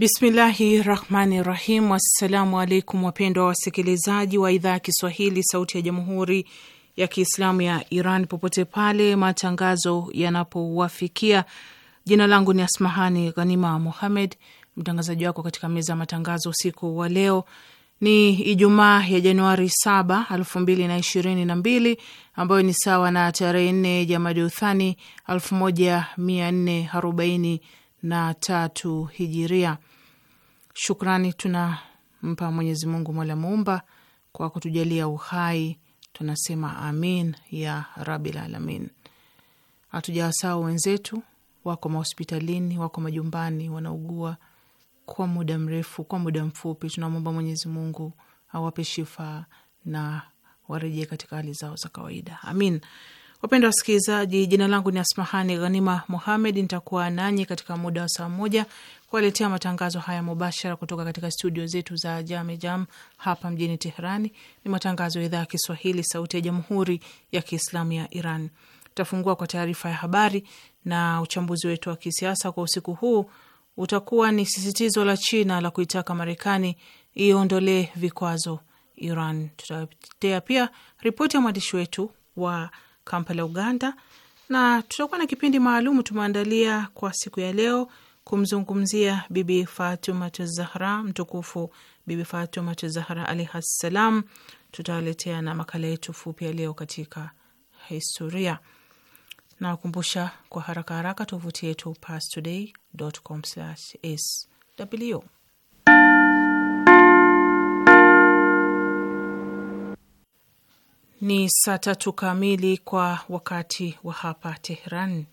Bismillahi rahmani rahim. Assalamu alaikum wapendwa wasikilizaji wa idhaa ya Kiswahili sauti ya jamhuri ya Kiislamu ya Iran popote pale matangazo yanapowafikia. Jina langu ni Asmahani Ghanima Muhamed, mtangazaji wako katika meza ya matangazo. Usiku wa leo ni Ijumaa ya Januari saba elfu na ishirini na mbili ambayo ni sawa na tarehe nne Jamadi Uthani 1443 hijiria. Shukrani tunampa Mwenyezi Mungu mola muumba kwa kutujalia uhai, tunasema amin ya rabil alamin. Hatujawasahau wenzetu, wako mahospitalini, wako majumbani, wanaugua kwa muda mrefu, kwa muda mfupi. Tunamwomba Mwenyezi Mungu awape shifa na warejee katika hali zao za kawaida, amin. Wapendwa wasikilizaji, jina langu ni Asmahani Ghanima Muhamed. Nitakuwa nanyi katika muda wa saa moja kuwaletea matangazo haya mubashara kutoka katika studio zetu za Jame Jam hapa mjini Teherani. Ni matangazo ya idhaa ya Kiswahili, sauti ya jamhuri ya kiislamu ya Iran. Tutafungua kwa taarifa ya habari na uchambuzi wetu wa kisiasa kwa usiku huu utakuwa ni sisitizo la China la kuitaka Marekani iondolee vikwazo Iran. Tutatea pia ripoti ya mwandishi wetu wa Kampala, Uganda, na tutakuwa na kipindi maalum tumeandalia kwa siku ya leo kumzungumzia Bibi Fatumatu Zahra mtukufu, Bibi Fatumat Zahra alaihi ssalam. Tutawaletea na makala yetu fupi ya leo katika historia. Nawakumbusha kwa haraka haraka tovuti yetu pastoday.com/sw Ni saa tatu kamili kwa wakati wa hapa Tehran.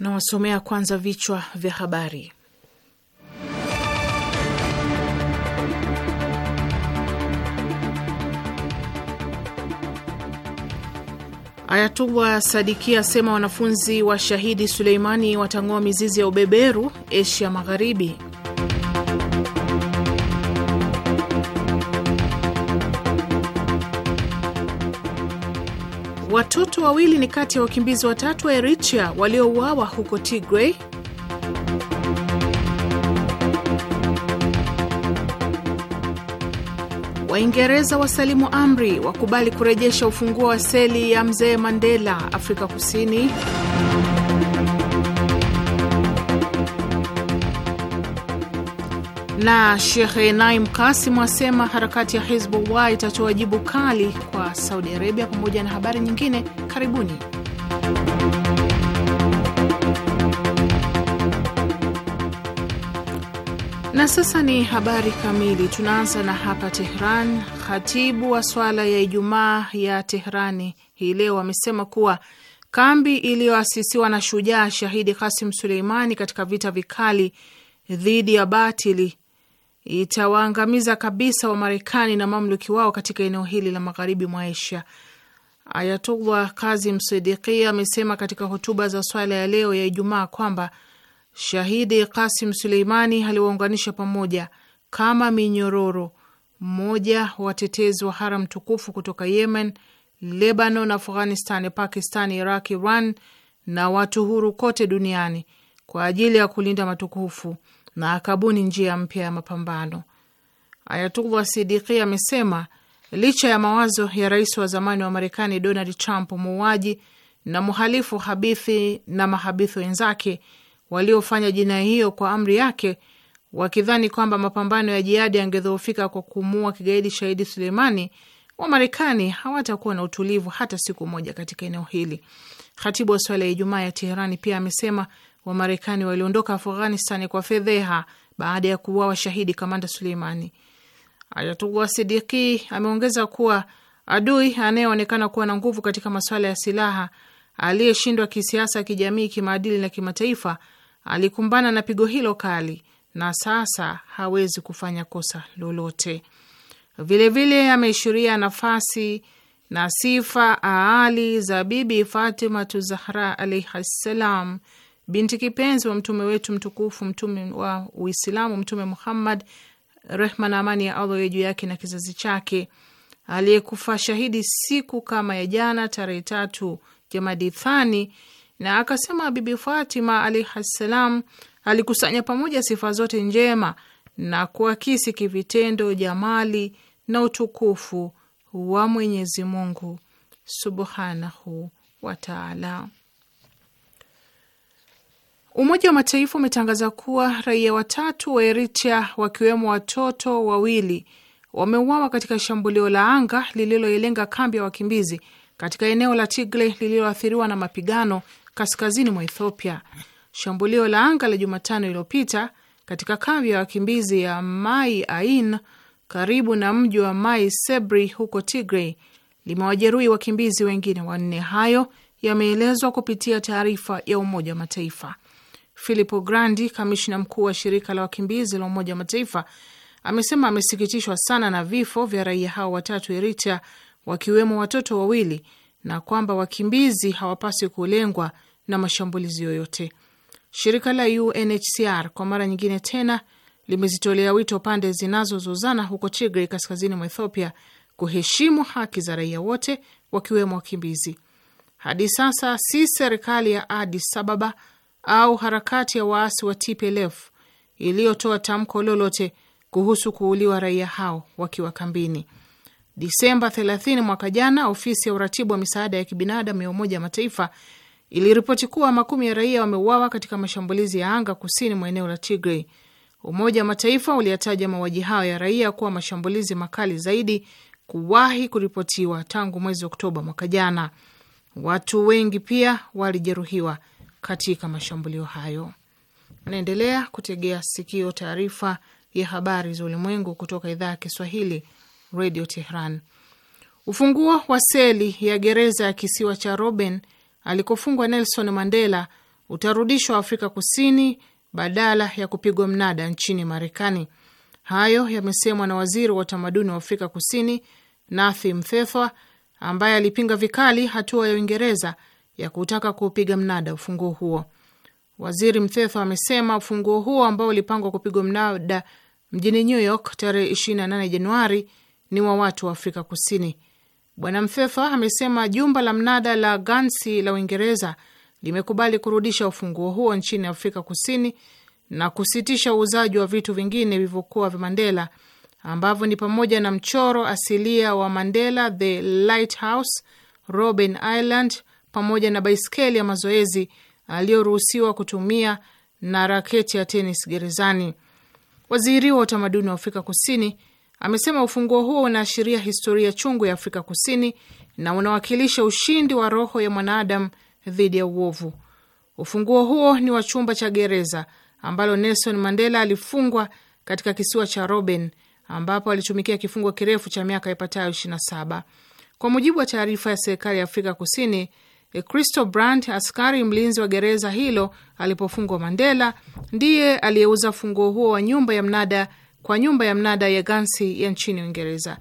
Nawasomea kwanza vichwa vya habari. Ayatullah Sadiki asema wanafunzi wa shahidi Suleimani watang'oa mizizi ya ubeberu Asia Magharibi. Watoto wawili ni kati ya wakimbizi watatu wa Eritrea waliouawa huko Tigray Waingereza wasalimu amri, wakubali kurejesha ufunguo wa seli ya mzee Mandela Afrika Kusini. Na Shekhe Naim Kasim asema harakati ya Hizbullah itatoa jibu kali kwa Saudi Arabia, pamoja na habari nyingine. Karibuni. Na sasa ni habari kamili. Tunaanza na hapa Tehran. Khatibu wa swala ya Ijumaa ya Tehrani hii leo amesema kuwa kambi iliyoasisiwa na shujaa shahidi Kasim Suleimani katika vita vikali dhidi ya batili itawaangamiza kabisa Wamarekani na mamluki wao katika eneo hili la magharibi mwa Asia. Ayatullah Kazim Sidikia amesema katika hotuba za swala ya leo ya Ijumaa kwamba Shahidi Kasim Suleimani aliwaunganisha pamoja kama minyororo, mmoja watetezi wa haram tukufu kutoka Yemen, Lebanon, Afghanistan, Pakistan, Iraq, Iran na watu huru kote duniani kwa ajili ya kulinda matukufu na akabuni njia mpya ya mapambano. Ayatullah Sidiki amesema licha ya mawazo ya rais wa zamani wa Marekani Donald Trump, muuaji na mhalifu habithi na mahabithi wenzake waliofanya jinai hiyo kwa amri yake, wakidhani kwamba mapambano ya jihadi yangedhoofika kwa kumuua kigaidi shahidi Suleimani, Marekani hawatakuwa na utulivu hata siku moja katika eneo hili. Khatibu wa swala ya Ijumaa ya Teherani pia amesema Wamarekani waliondoka Afghanistan kwa fedheha baada ya kuuawa shahidi kamanda Suleimani. Ayatullah Sidiki ameongeza kuwa adui anayeonekana kuwa na nguvu katika masuala ya silaha, aliyeshindwa kisiasa, kijamii, kimaadili na kimataifa, alikumbana na pigo hilo kali na sasa hawezi kufanya kosa lolote. Vilevile ameishiria nafasi na sifa aali za Bibi Fatimatu Zahra alaihi ssalam, binti kipenzi wa mtume wetu mtukufu, mtume wa Uislamu, Mtume Muhammad, rehma na amani ya Allah juu yake na kizazi chake, aliyekufa shahidi siku kama ya jana tarehe tatu Jamadi Thani na akasema Bibi Fatima alaihi ssalam alikusanya pamoja sifa zote njema na kuakisi kivitendo jamali na utukufu wa Mwenyezi Mungu subhanahu wataala. Umoja wa Mataifa umetangaza kuwa raia watatu wa Eritrea wakiwemo watoto wawili wameuawa katika shambulio la anga lililoilenga kambi ya wakimbizi katika eneo la Tigre lililoathiriwa na mapigano kaskazini mwa Ethiopia. Shambulio la anga la Jumatano iliyopita katika kambi ya wakimbizi ya Mai Ain karibu na mji wa Mai Sebri huko Tigray limewajeruhi wakimbizi wengine wanne. Hayo yameelezwa kupitia taarifa ya Umoja wa Mataifa. Filippo Grandi, kamishna mkuu wa shirika la wakimbizi la Umoja wa Mataifa, amesema amesikitishwa sana na vifo vya raia hao watatu Eritrea, wakiwemo watoto wawili, na kwamba wakimbizi hawapaswi kulengwa na mashambulizi yoyote. Shirika la UNHCR kwa mara nyingine tena limezitolea wito pande zinazozozana huko Tigray, kaskazini mwa Ethiopia, kuheshimu haki za raia wote, wakiwemo wakimbizi. Hadi sasa si serikali ya Addis Ababa au harakati ya waasi wa TPLF iliyotoa tamko lolote kuhusu kuuliwa raia hao wakiwa kambini. Disemba 30 mwaka jana, ofisi ya uratibu wa misaada ya kibinadamu ya Umoja wa Mataifa iliripoti kuwa makumi ya raia wameuawa katika mashambulizi ya anga kusini mwa eneo la Tigray. Umoja wa Mataifa uliyataja mauaji hayo ya raia kuwa mashambulizi makali zaidi kuwahi kuripotiwa tangu mwezi Oktoba mwaka jana. Watu wengi pia walijeruhiwa katika mashambulio hayo. Naendelea kutegea sikio taarifa ya habari za ulimwengu kutoka idhaa ya Kiswahili, Radio Tehran. Ufunguo wa seli ya gereza ya kisiwa cha Robben alikofungwa Nelson Mandela utarudishwa Afrika Kusini badala ya kupigwa mnada nchini Marekani. Hayo yamesemwa na waziri wa utamaduni wa Afrika Kusini Nathi Mthethwa ambaye alipinga vikali hatua ya Uingereza ya kutaka kuupiga mnada ufunguo huo. Waziri Mthethwa amesema ufunguo huo ambao ulipangwa kupigwa mnada mjini New York tarehe 28 Januari ni wa watu wa Afrika Kusini. Bwana Mfefa amesema jumba la mnada la Gansi la Uingereza limekubali kurudisha ufunguo huo nchini Afrika Kusini na kusitisha uuzaji wa vitu vingine vilivyokuwa vya Mandela ambavyo ni pamoja na mchoro asilia wa Mandela, The Lighthouse, Robben Island pamoja na baiskeli ya mazoezi aliyoruhusiwa kutumia na raketi ya tenis gerezani. Waziri wa utamaduni wa Afrika Kusini Amesema ufunguo huo unaashiria historia chungu ya Afrika Kusini na unawakilisha ushindi wa roho ya mwanadamu dhidi ya uovu. Ufunguo huo ni wa chumba cha gereza ambalo Nelson Mandela alifungwa katika kisiwa cha Robben ambapo alitumikia kifungo kirefu cha miaka ipatayo 27. Kwa mujibu wa taarifa ya serikali ya Afrika Kusini, Christo Brand, askari mlinzi wa gereza hilo alipofungwa, Mandela ndiye aliyeuza funguo huo wa nyumba ya mnada kwa nyumba ya mnada ya Gansi ya nchini Uingereza.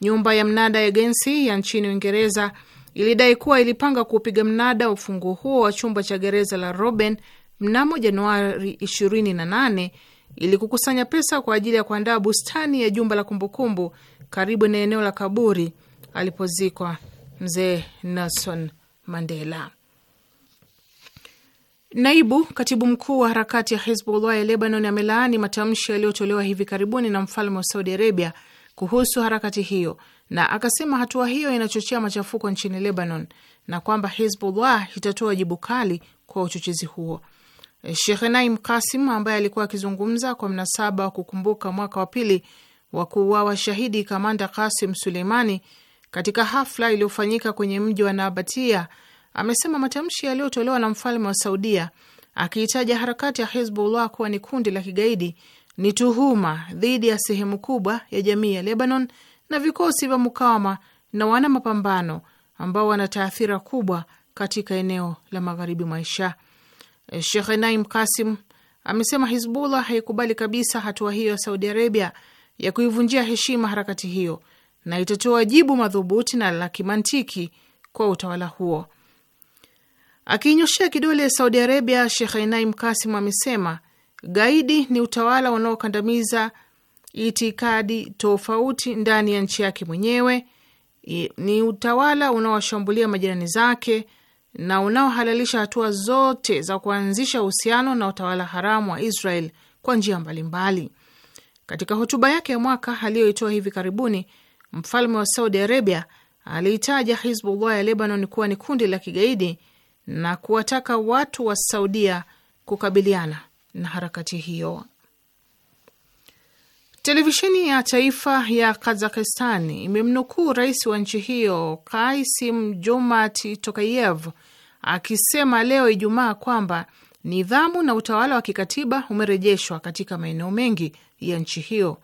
Nyumba ya mnada ya Gansi ya nchini Uingereza ilidai kuwa ilipanga kuupiga mnada ufunguo huo wa chumba cha gereza la Roben mnamo Januari 28 ili kukusanya pesa kwa ajili ya kuandaa bustani ya jumba la kumbukumbu karibu na eneo la kaburi alipozikwa mzee Nelson Mandela. Naibu katibu mkuu wa harakati ya Hizbullah ya Lebanon amelaani matamshi yaliyotolewa hivi karibuni na mfalme wa Saudi Arabia kuhusu harakati hiyo, na akasema hatua hiyo inachochea machafuko nchini Lebanon na kwamba Hizbullah itatoa jibu kali kwa uchochezi huo. Shekh Naim Kasim ambaye alikuwa akizungumza kwa mnasaba wa kukumbuka mwaka wa pili wa kuuawa shahidi kamanda Kasim Suleimani katika hafla iliyofanyika kwenye mji wa Nabatia amesema matamshi yaliyotolewa na mfalme wa Saudia akiitaja harakati ya Hizbullah kuwa ni kundi la kigaidi ni tuhuma dhidi ya sehemu kubwa ya jamii ya Lebanon na vikosi vya mukawama na wana mapambano ambao wana taathira kubwa katika eneo la magharibi maisha. Shekh Naim Kasim amesema Hizbullah haikubali kabisa hatua hiyo ya Saudi Arabia ya kuivunjia heshima harakati hiyo na itatoa jibu madhubuti na la kimantiki kwa utawala huo. Akiinyoshea kidole Saudi Arabia, Shekh Naim Kasim amesema gaidi ni utawala unaokandamiza itikadi tofauti ndani ya nchi yake mwenyewe, ni utawala unaowashambulia majirani zake na unaohalalisha hatua zote za kuanzisha uhusiano na utawala haramu wa Israel kwa njia mbalimbali. Katika hotuba yake ya mwaka aliyoitoa hivi karibuni, mfalme wa Saudi Arabia aliitaja Hizbullah ya Lebanon kuwa ni kundi la kigaidi na kuwataka watu wa Saudia kukabiliana na harakati hiyo. Televisheni ya taifa ya Kazakhstan imemnukuu rais wa nchi hiyo Kaisim Jomat Tokayev akisema leo Ijumaa kwamba nidhamu na utawala wa kikatiba umerejeshwa katika maeneo mengi ya nchi hiyo.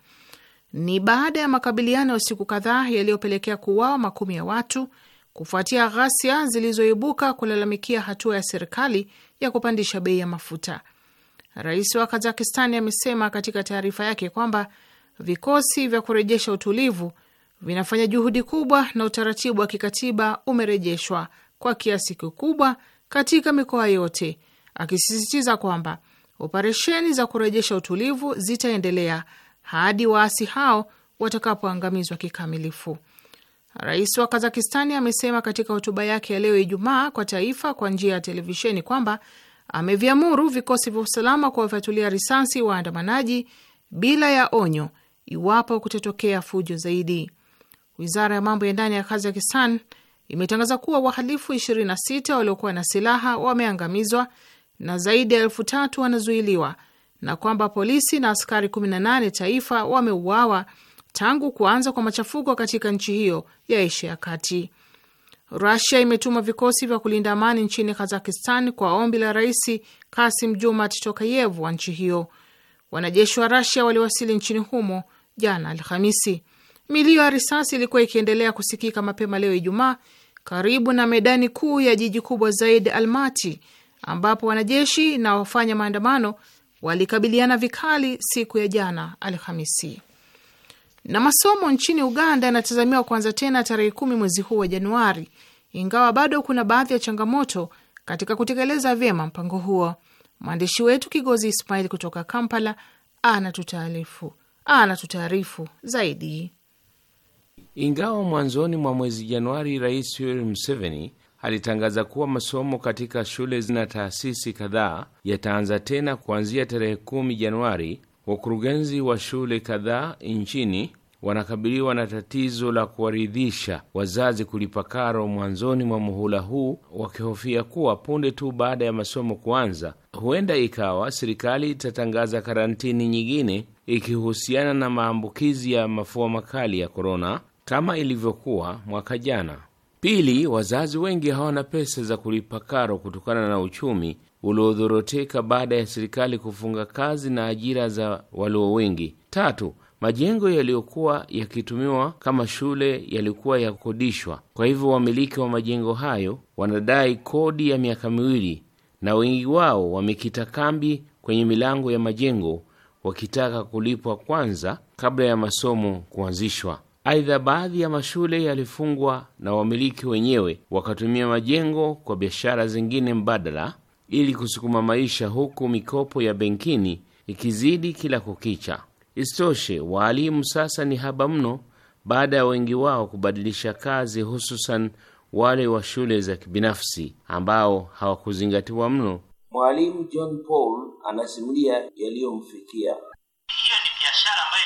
Ni baada ya makabiliano ya siku kadhaa yaliyopelekea kuuawa makumi ya watu kufuatia ghasia zilizoibuka kulalamikia hatua ya serikali ya kupandisha bei ya mafuta. Rais wa Kazakistani amesema katika taarifa yake kwamba vikosi vya kurejesha utulivu vinafanya juhudi kubwa na utaratibu wa kikatiba umerejeshwa kwa kiasi kikubwa katika mikoa yote, akisisitiza kwamba operesheni za kurejesha utulivu zitaendelea hadi waasi hao watakapoangamizwa kikamilifu. Rais wa Kazakistani amesema katika hotuba yake ya leo Ijumaa kwa taifa kwa njia ya televisheni kwamba ameviamuru vikosi vya usalama kuwafyatulia risasi waandamanaji bila ya onyo iwapo kutatokea fujo zaidi. Wizara ya mambo ya ndani ya Kazakistan imetangaza kuwa wahalifu 26 waliokuwa na silaha wameangamizwa na zaidi ya elfu tatu wanazuiliwa na kwamba polisi na askari 18 taifa wameuawa tangu kuanza kwa machafuko katika nchi hiyo ya Asia ya Kati. Rusia imetuma vikosi vya kulinda amani nchini Kazakistan kwa ombi la Rais Kasim jumat Tokayev wa nchi hiyo. Wanajeshi wa Rusia waliwasili nchini humo jana Alhamisi. Milio ya risasi ilikuwa ikiendelea kusikika mapema leo Ijumaa karibu na medani kuu ya jiji kubwa zaidi Almati, ambapo wanajeshi na wafanya maandamano walikabiliana vikali siku ya jana Alhamisi. Na masomo nchini Uganda yanatazamiwa kuanza tena tarehe kumi mwezi huu wa Januari, ingawa bado kuna baadhi ya changamoto katika kutekeleza vyema mpango huo. Mwandishi wetu Kigozi Ismail kutoka Kampala anatutaarifu anatutaarifu zaidi. Ingawa mwanzoni mwa mwezi Januari Rais Yoweri Museveni alitangaza kuwa masomo katika shule na taasisi kadhaa yataanza tena kuanzia tarehe kumi Januari, Wakurugenzi wa shule kadhaa nchini wanakabiliwa na tatizo la kuwaridhisha wazazi kulipa karo mwanzoni mwa muhula huu, wakihofia kuwa punde tu baada ya masomo kuanza, huenda ikawa serikali itatangaza karantini nyingine ikihusiana na maambukizi ya mafua makali ya korona kama ilivyokuwa mwaka jana. Pili, wazazi wengi hawana pesa za kulipa karo kutokana na uchumi uliodhoroteka baada ya serikali kufunga kazi na ajira za walio wengi. Tatu, majengo yaliyokuwa yakitumiwa kama shule yalikuwa yakodishwa, kwa hivyo wamiliki wa majengo hayo wanadai kodi ya miaka miwili, na wengi wao wamekita kambi kwenye milango ya majengo wakitaka kulipwa kwanza kabla ya masomo kuanzishwa. Aidha, baadhi ya mashule yalifungwa na wamiliki wenyewe wakatumia majengo kwa biashara zingine mbadala ili kusukuma maisha, huku mikopo ya benkini ikizidi kila kukicha. Isitoshe, waalimu sasa ni haba mno baada ya wengi wao kubadilisha kazi, hususan wale wa shule za kibinafsi ambao hawakuzingatiwa mno. Mwalimu John Paul anasimulia yaliyomfikia. Hiyo ni biashara ambayo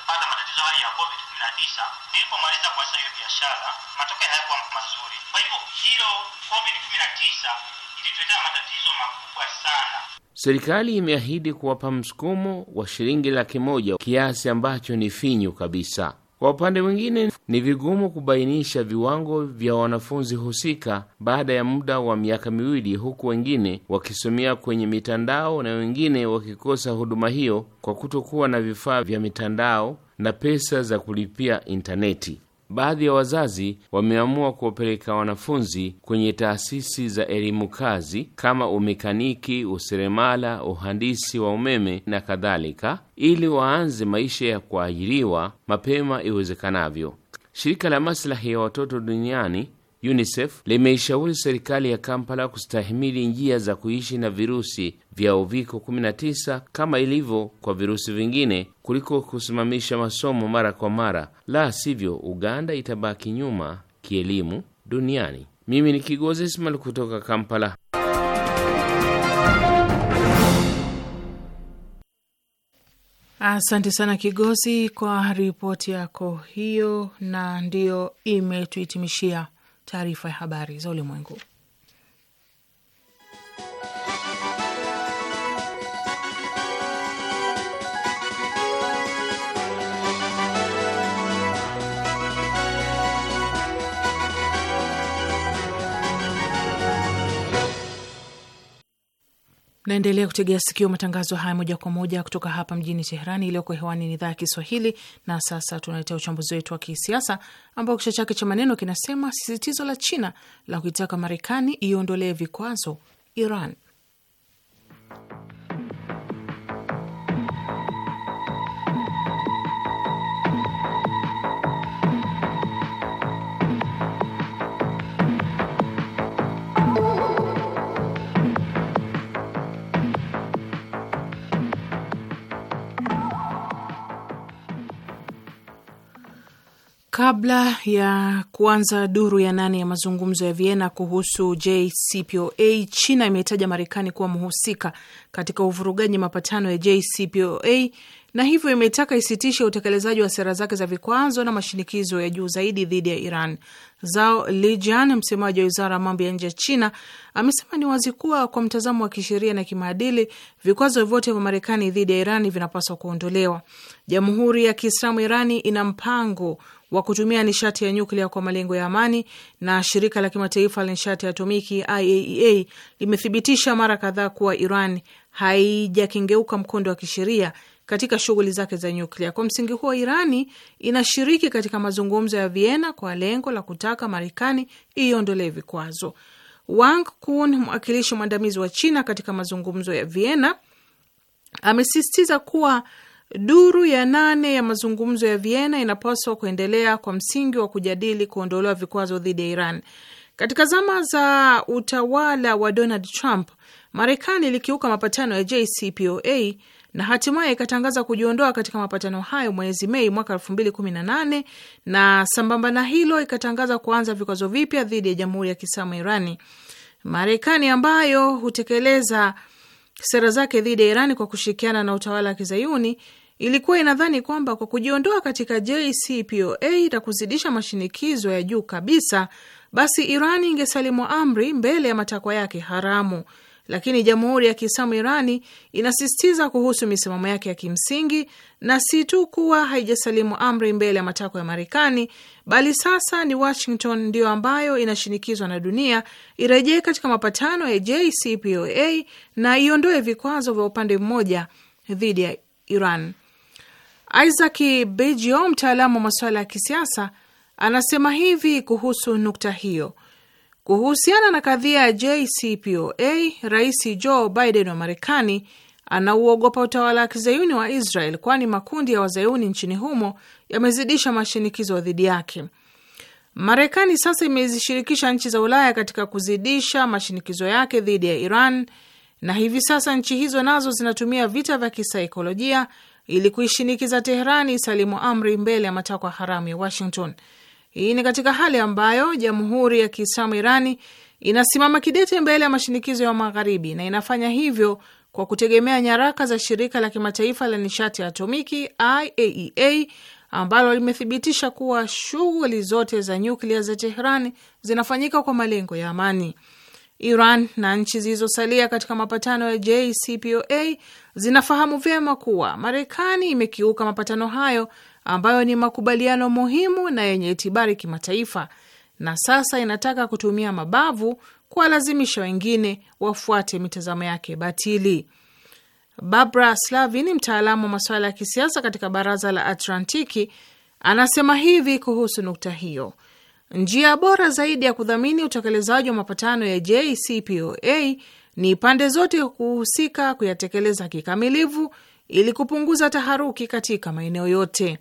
kupata matatizo hali ya COVID 19. Nilipomaliza kwanza hiyo biashara, matokeo hayakuwa mazuri. Kwa hivyo hilo COVID 19 ilituletea matatizo makubwa sana. Serikali imeahidi kuwapa msukumo wa shilingi laki moja, kiasi ambacho ni finyu kabisa. Kwa upande mwingine, ni vigumu kubainisha viwango vya wanafunzi husika baada ya muda wa miaka miwili, huku wengine wakisomea kwenye mitandao na wengine wakikosa huduma hiyo kwa kutokuwa na vifaa vya mitandao na pesa za kulipia intaneti baadhi ya wazazi wameamua kuwapeleka wanafunzi kwenye taasisi za elimu kazi kama umekaniki, useremala, uhandisi wa umeme na kadhalika, ili waanze maisha ya kuajiriwa mapema iwezekanavyo. Shirika la maslahi ya watoto duniani UNICEF limeishauri serikali ya Kampala kustahimili njia za kuishi na virusi vya uviko 19 kama ilivyo kwa virusi vingine kuliko kusimamisha masomo mara kwa mara, la sivyo Uganda itabaki nyuma kielimu duniani. Mimi ni Kigozi Ismail kutoka Kampala. Asante sana Kigozi kwa ripoti yako hiyo, na ndiyo imetuhitimishia taarifa ya habari za ulimwengu. Naendelea kutegea sikio matangazo haya moja kwa moja kutoka hapa mjini Teherani. Iliyoko hewani ni idhaa ya Kiswahili. Na sasa tunaletea uchambuzi wetu wa kisiasa ambao kichwa chake cha maneno kinasema: sisitizo la China la kuitaka Marekani iondolee vikwazo Iran. Kabla ya kuanza duru ya nane ya mazungumzo ya Vienna kuhusu JCPOA, China imetaja Marekani kuwa mhusika katika uvurugaji mapatano ya JCPOA na hivyo imetaka isitishe utekelezaji wa sera zake za vikwazo na mashinikizo ya juu zaidi dhidi ya Iran. Zao Lijian, msemaji wa wizara ya mambo ya nje ya China, amesema ni wazi kuwa kwa mtazamo wa kisheria na kimaadili, vikwazo vyote vya Marekani dhidi ya Iran vinapaswa kuondolewa. Jamhuri ya Kiislamu Irani ina mpango wa kutumia nishati ya nyuklia kwa malengo ya amani, na shirika la kimataifa la nishati ya atomiki IAEA e limethibitisha mara kadhaa kuwa Iran haijakengeuka mkondo wa kisheria katika shughuli zake za nyuklia. Kwa msingi huo, Irani inashiriki katika mazungumzo ya Vienna kwa lengo la kutaka Marekani iondolee vikwazo. Wang Kun, mwakilishi mwandamizi wa China katika mazungumzo ya Vienna, amesisitiza kuwa Duru ya nane ya mazungumzo ya Vienna inapaswa kuendelea kwa msingi wa kujadili kuondolewa vikwazo dhidi ya Iran. Katika zama za utawala wa Donald Trump, Marekani ilikiuka mapatano ya JCPOA na hatimaye ikatangaza kujiondoa katika mapatano hayo mwezi Mei mwaka 2018 na sambamba na hilo ikatangaza kuanza vikwazo vipya dhidi ya Jamhuri ya Kiislamu Irani. Marekani ambayo hutekeleza sera zake dhidi ya Irani kwa kushirikiana na utawala wa Kizayuni ilikuwa inadhani kwamba kwa kujiondoa katika JCPOA na kuzidisha mashinikizo ya juu kabisa, basi Irani ingesalimu amri mbele ya matakwa yake haramu. Lakini Jamhuri ya Kiislamu Irani inasisitiza kuhusu misimamo yake ya kimsingi na si tu kuwa haijasalimu amri mbele ya matakwa ya Marekani, bali sasa ni Washington ndiyo ambayo inashinikizwa na dunia irejee katika mapatano ya JCPOA na iondoe vikwazo vya upande mmoja dhidi ya Iran. Isaac Bejo, mtaalamu wa masuala ya kisiasa, anasema hivi kuhusu nukta hiyo. Kuhusiana na kadhia ya JCPOA, Rais Joe Biden wa Marekani anauogopa utawala wa kizayuni wa Israel, kwani makundi ya wazayuni nchini humo yamezidisha mashinikizo dhidi yake. Marekani sasa imezishirikisha nchi za Ulaya katika kuzidisha mashinikizo yake dhidi ya Iran, na hivi sasa nchi hizo nazo zinatumia vita vya kisaikolojia ili kuishinikiza Teherani isalimu amri mbele ya matakwa haramu ya Washington. Hii ni katika hali ambayo Jamhuri ya Kiislamu Irani inasimama kidete mbele ya mashinikizo ya Magharibi na inafanya hivyo kwa kutegemea nyaraka za shirika la kimataifa la nishati ya atomiki IAEA e ambalo limethibitisha kuwa shughuli zote za nyuklia za Teherani zinafanyika kwa malengo ya amani. Iran na nchi zilizosalia katika mapatano ya JCPOA zinafahamu vyema kuwa Marekani imekiuka mapatano hayo ambayo ni makubaliano muhimu na yenye itibari kimataifa, na sasa inataka kutumia mabavu kuwalazimisha wengine wafuate mitazamo yake batili. Barbara Slavin, mtaalamu wa masuala ya kisiasa katika Baraza la Atlantiki, anasema hivi kuhusu nukta hiyo: Njia bora zaidi ya kudhamini utekelezaji wa mapatano ya JCPOA ni pande zote kuhusika kuyatekeleza kikamilifu ili kupunguza taharuki katika maeneo yote.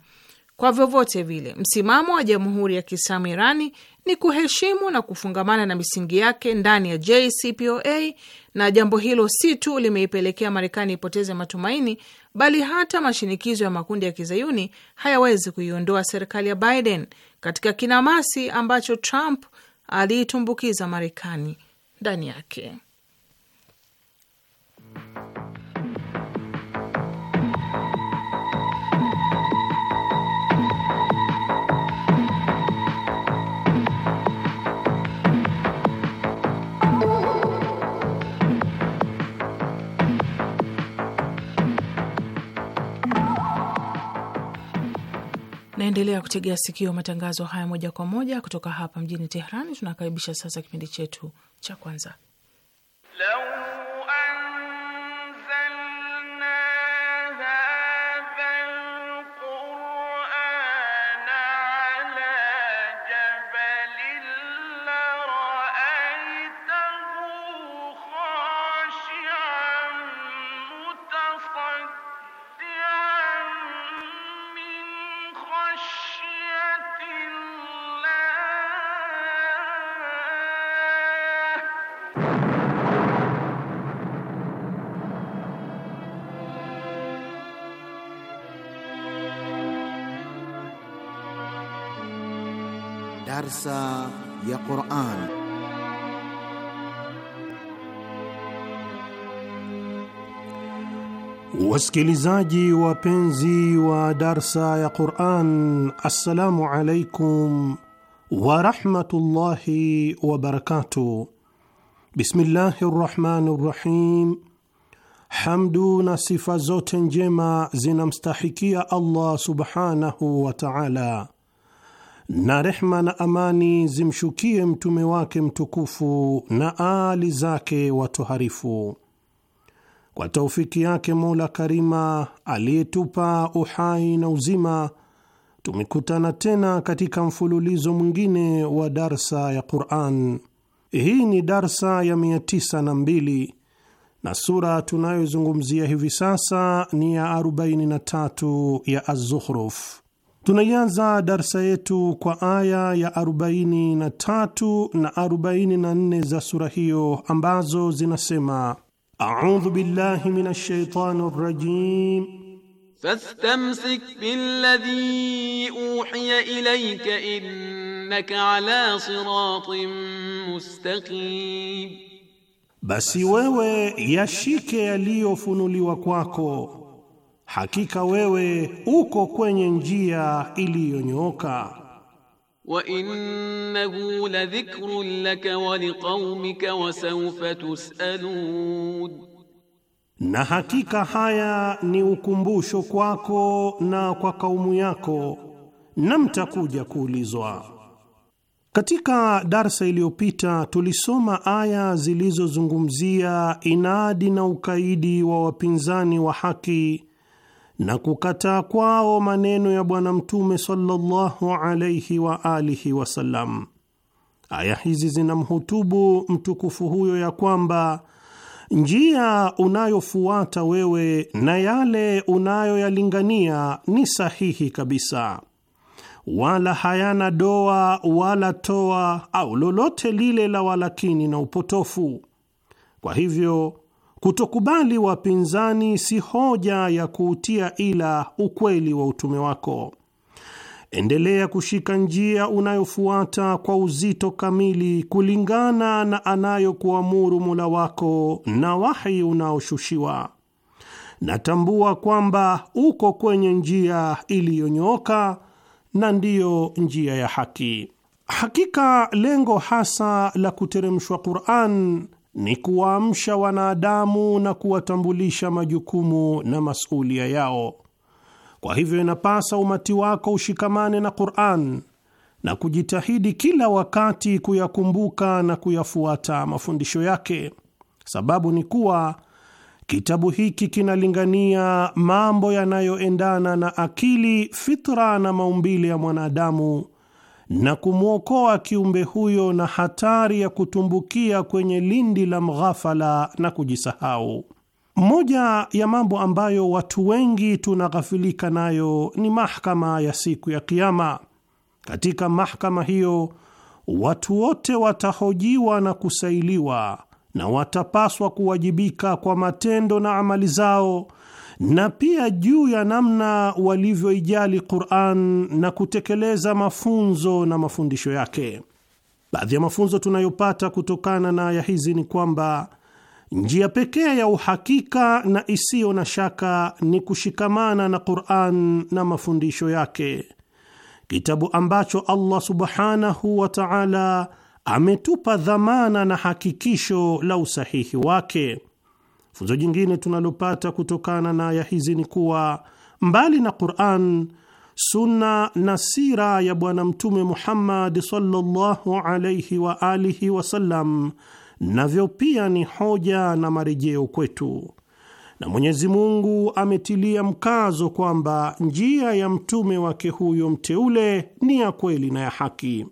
Kwa vyovyote vile, msimamo wa Jamhuri ya Kiislamu Irani ni kuheshimu na kufungamana na misingi yake ndani ya JCPOA, na jambo hilo si tu limeipelekea Marekani ipoteze matumaini, bali hata mashinikizo ya makundi ya kizayuni hayawezi kuiondoa serikali ya Biden katika kinamasi ambacho Trump aliitumbukiza Marekani ndani yake. Naendelea kutegea sikio matangazo haya moja kwa moja kutoka hapa mjini Teherani. Tunakaribisha sasa kipindi chetu cha kwanza darsa ya Qur'an. Wasikilizaji wapenzi wa darsa ya Quran, assalamu alaikum warahmatullahi wabarakatuh. Bismillahi rrahmani rrahim. Hamdu na sifa zote njema zinamstahikia Allah subhanahu wa taala na rehma na amani zimshukie mtume wake mtukufu na aali zake watoharifu. Kwa taufiki yake Mola Karima aliyetupa uhai na uzima, tumekutana tena katika mfululizo mwingine wa darsa ya Quran. Hii ni darsa ya 902 na sura tunayozungumzia hivi sasa ni ya 43 ya Az-Zukhruf. Tunaianza darsa yetu kwa aya ya 43 na 44 za sura hiyo ambazo zinasema: audhu billahi minash shaitani rajim fastamsik billadhi uhiya ilayka innaka ala siratin mustaqim, basi wewe yashike yaliyofunuliwa kwako hakika wewe uko kwenye njia iliyonyooka. wa innahu ladhikrun laka wa liqaumika wa sawfa tusalun, na hakika haya ni ukumbusho kwako na kwa kaumu yako na mtakuja kuulizwa. Katika darsa iliyopita tulisoma aya zilizozungumzia inadi na ukaidi wa wapinzani wa haki na kukataa kwao maneno ya Bwana Mtume sallallahu alaihi wa alihi wasallam. Aya hizi zinamhutubu mtukufu huyo ya kwamba njia unayofuata wewe na yale unayoyalingania ni sahihi kabisa, wala hayana doa wala toa au lolote lile la walakini na upotofu. Kwa hivyo Kutokubali wapinzani si hoja ya kuutia ila ukweli wa utume wako. Endelea kushika njia unayofuata kwa uzito kamili, kulingana na anayokuamuru Mola wako na wahi unaoshushiwa, natambua kwamba uko kwenye njia iliyonyooka na ndiyo njia ya haki. Hakika lengo hasa la kuteremshwa Qur'an ni kuwaamsha wanadamu na kuwatambulisha majukumu na masulia yao. Kwa hivyo, inapasa umati wako ushikamane na Qur'an na kujitahidi kila wakati kuyakumbuka na kuyafuata mafundisho yake. Sababu ni kuwa kitabu hiki kinalingania mambo yanayoendana na akili, fitra na maumbile ya mwanadamu na kumwokoa kiumbe huyo na hatari ya kutumbukia kwenye lindi la mghafala na kujisahau. Moja ya mambo ambayo watu wengi tunaghafilika nayo ni mahakama ya siku ya Kiama. Katika mahakama hiyo watu wote watahojiwa na kusailiwa na watapaswa kuwajibika kwa matendo na amali zao na pia juu ya namna walivyoijali Qur'an na kutekeleza mafunzo na mafundisho yake. Baadhi ya mafunzo tunayopata kutokana na aya hizi ni kwamba njia pekee ya uhakika na isiyo na shaka ni kushikamana na Qur'an na mafundisho yake, kitabu ambacho Allah Subhanahu wa Ta'ala ametupa dhamana na hakikisho la usahihi wake Funzo jingine tunalopata kutokana na aya hizi ni kuwa mbali na Quran, sunna na sira ya Bwana Mtume Muhammad sallallahu alaihi wa alihi wasallam navyo pia ni hoja na marejeo kwetu, na Mwenyezi Mungu ametilia mkazo kwamba njia ya mtume wake huyo mteule ni ya kweli na ya haki.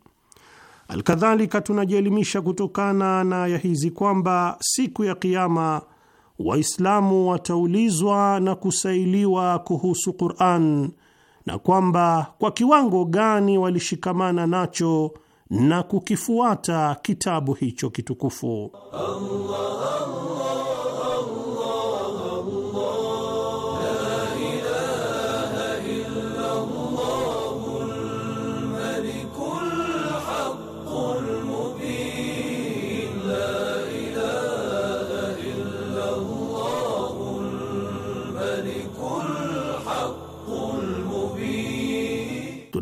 Alkadhalika, tunajielimisha kutokana na aya hizi kwamba siku ya Kiama Waislamu wataulizwa na kusailiwa kuhusu Qur'an na kwamba kwa kiwango gani walishikamana nacho na kukifuata kitabu hicho kitukufu. Allah, Allah.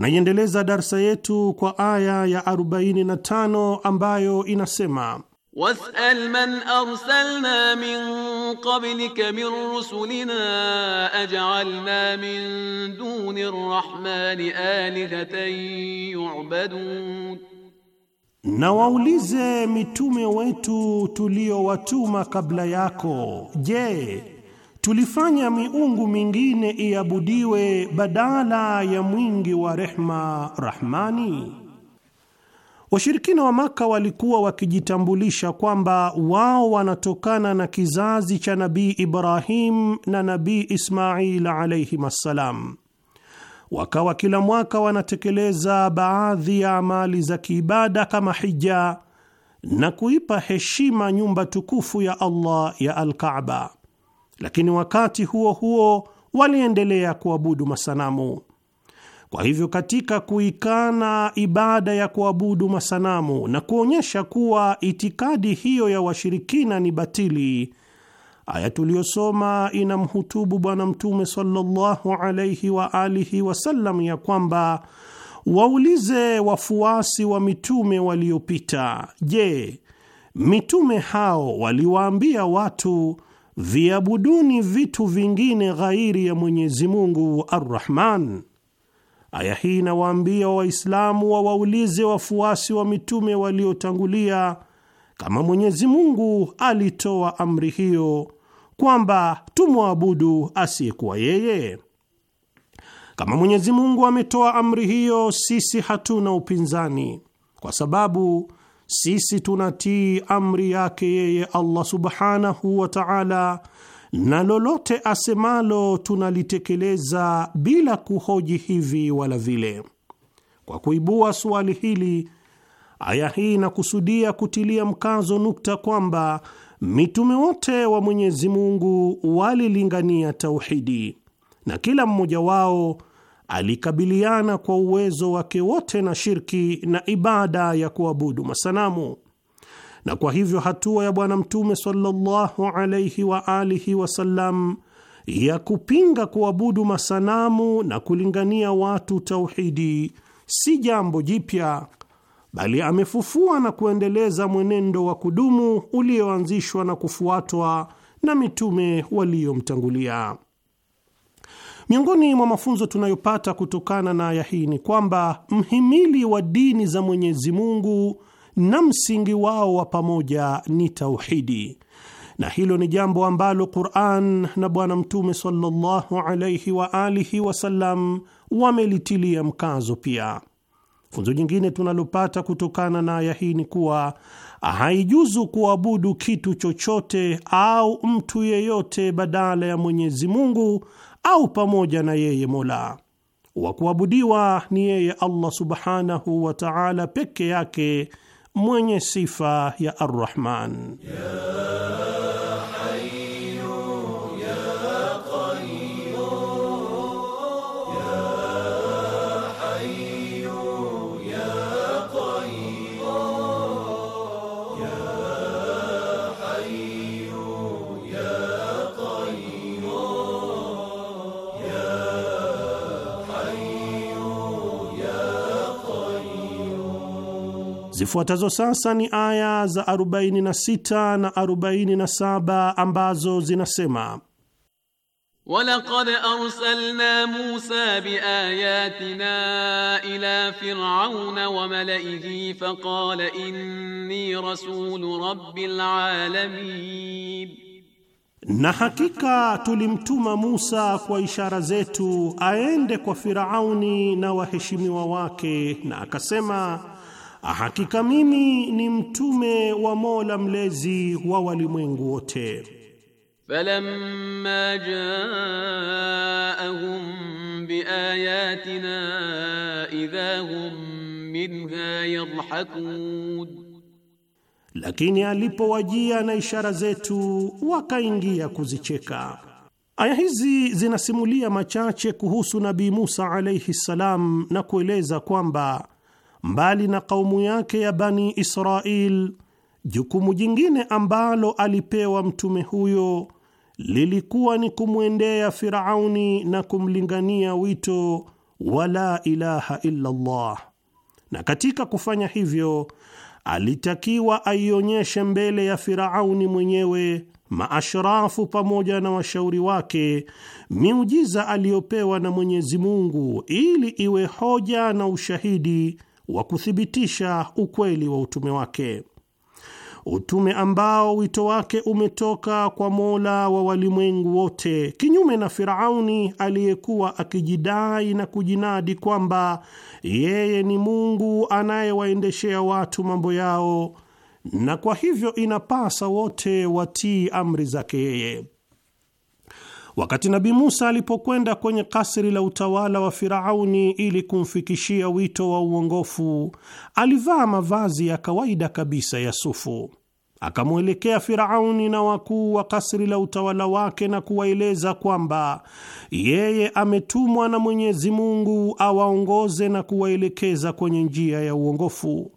Tunaiendeleza darsa yetu kwa aya ya 45 ambayo inasema Was'al man arsalna min qablika min rusulina aj'alna min duni arrahmani alihatan yu'badun, na waulize mitume wetu tuliowatuma kabla yako, je, tulifanya miungu mingine iabudiwe badala ya mwingi wa rehma Rahmani. Washirikina wa Maka walikuwa wakijitambulisha kwamba wao wanatokana na kizazi cha Nabii Ibrahim na Nabii Ismail alayhim assalam. Wakawa kila mwaka wanatekeleza baadhi ya amali za kiibada kama hija na kuipa heshima nyumba tukufu ya Allah ya Alkaaba lakini wakati huo huo waliendelea kuabudu masanamu. Kwa hivyo katika kuikana ibada ya kuabudu masanamu na kuonyesha kuwa itikadi hiyo ya washirikina ni batili, aya tuliyosoma inamhutubu Bwana Mtume sallallahu alaihi wa alihi wasallam ya kwamba waulize wafuasi wa mitume waliopita, je, mitume hao waliwaambia watu viabuduni vitu vingine ghairi ya Mwenyezi Mungu Arrahman. Aya hii inawaambia Waislamu wawaulize wafuasi wa mitume waliotangulia kama Mwenyezi Mungu alitoa amri hiyo kwamba tumwabudu asiyekuwa yeye. Kama Mwenyezi Mungu ametoa amri hiyo, sisi hatuna upinzani, kwa sababu sisi tunatii amri yake yeye Allah subhanahu wa ta'ala, na lolote asemalo tunalitekeleza bila kuhoji hivi wala vile. Kwa kuibua suali hili, aya hii inakusudia kutilia mkazo nukta kwamba mitume wote wa Mwenyezi Mungu walilingania tauhidi na kila mmoja wao alikabiliana kwa uwezo wake wote na shirki na ibada ya kuabudu masanamu, na kwa hivyo hatua ya Bwana Mtume sallallahu alaihi wa alihi wasallam ya kupinga kuabudu masanamu na kulingania watu tauhidi si jambo jipya, bali amefufua na kuendeleza mwenendo wa kudumu ulioanzishwa na kufuatwa na mitume waliomtangulia. Miongoni mwa mafunzo tunayopata kutokana na aya hii ni kwamba mhimili wa dini za Mwenyezi Mungu na msingi wao wa pamoja ni tauhidi, na hilo ni jambo ambalo Qur'an na Bwana Mtume sallallahu alayhi wa alihi wasallam wamelitilia mkazo. Pia funzo jingine tunalopata kutokana na aya hii ni kuwa haijuzu kuabudu kitu chochote au mtu yeyote badala ya Mwenyezi Mungu au pamoja na yeye Mola wa kuabudiwa ni yeye Allah subhanahu wa ta'ala peke yake mwenye sifa ya Ar-Rahman ya Zifuatazo sasa ni aya za 46 na 47 ambazo zinasema Walaqad arsalna Musa biayatina ila fir'auna wa malaihi faqala inni rasulu rabbil alamin, na hakika tulimtuma Musa kwa ishara zetu aende kwa Firauni na waheshimiwa wake, na akasema Hakika mimi ni mtume wa Mola mlezi wa walimwengu wote. Falamma jaahum biayatina idha hum minha yadhhakun, lakini alipowajia na ishara zetu wakaingia kuzicheka. Aya hizi zinasimulia machache kuhusu Nabii Musa alayhi salam na kueleza kwamba mbali na kaumu yake ya Bani Israil, jukumu jingine ambalo alipewa mtume huyo lilikuwa ni kumwendea Firauni na kumlingania wito wa la ilaha illa Allah, na katika kufanya hivyo alitakiwa aionyeshe mbele ya Firauni mwenyewe maashrafu pamoja na washauri wake miujiza aliyopewa na Mwenyezi Mungu ili iwe hoja na ushahidi wa kuthibitisha ukweli wa utume wake, utume ambao wito wake umetoka kwa Mola wa walimwengu wote, kinyume na Firauni aliyekuwa akijidai na kujinadi kwamba yeye ni Mungu anayewaendeshea watu mambo yao, na kwa hivyo inapasa wote watii amri zake yeye. Wakati Nabi Musa alipokwenda kwenye kasri la utawala wa Firauni ili kumfikishia wito wa uongofu, alivaa mavazi ya kawaida kabisa ya sufu. Akamwelekea Firauni na wakuu wa kasri la utawala wake na kuwaeleza kwamba yeye ametumwa na Mwenyezi Mungu awaongoze na kuwaelekeza kwenye njia ya uongofu,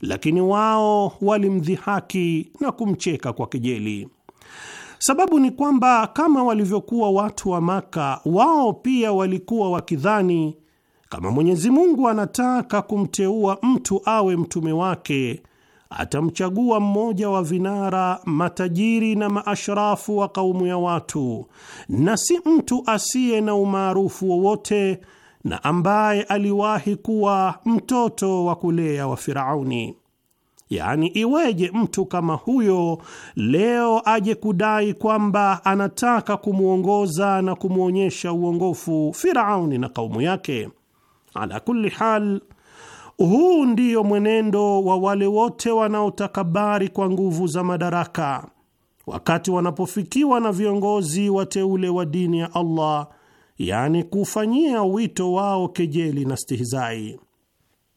lakini wao walimdhihaki na kumcheka kwa kejeli. Sababu ni kwamba kama walivyokuwa watu wa Maka, wao pia walikuwa wakidhani kama Mwenyezi Mungu anataka kumteua mtu awe mtume wake, atamchagua mmoja wa vinara matajiri na maashrafu wa kaumu ya watu, na si mtu asiye na umaarufu wowote na ambaye aliwahi kuwa mtoto wa kulea wa Firauni. Yaani, iweje mtu kama huyo leo aje kudai kwamba anataka kumwongoza na kumwonyesha uongofu Firauni na kaumu yake? Ala kulli hal, huu ndiyo mwenendo wa wale wote wanaotakabari kwa nguvu za madaraka, wakati wanapofikiwa na viongozi wateule wa dini ya Allah, yaani kuufanyia wito wao kejeli na stihizai.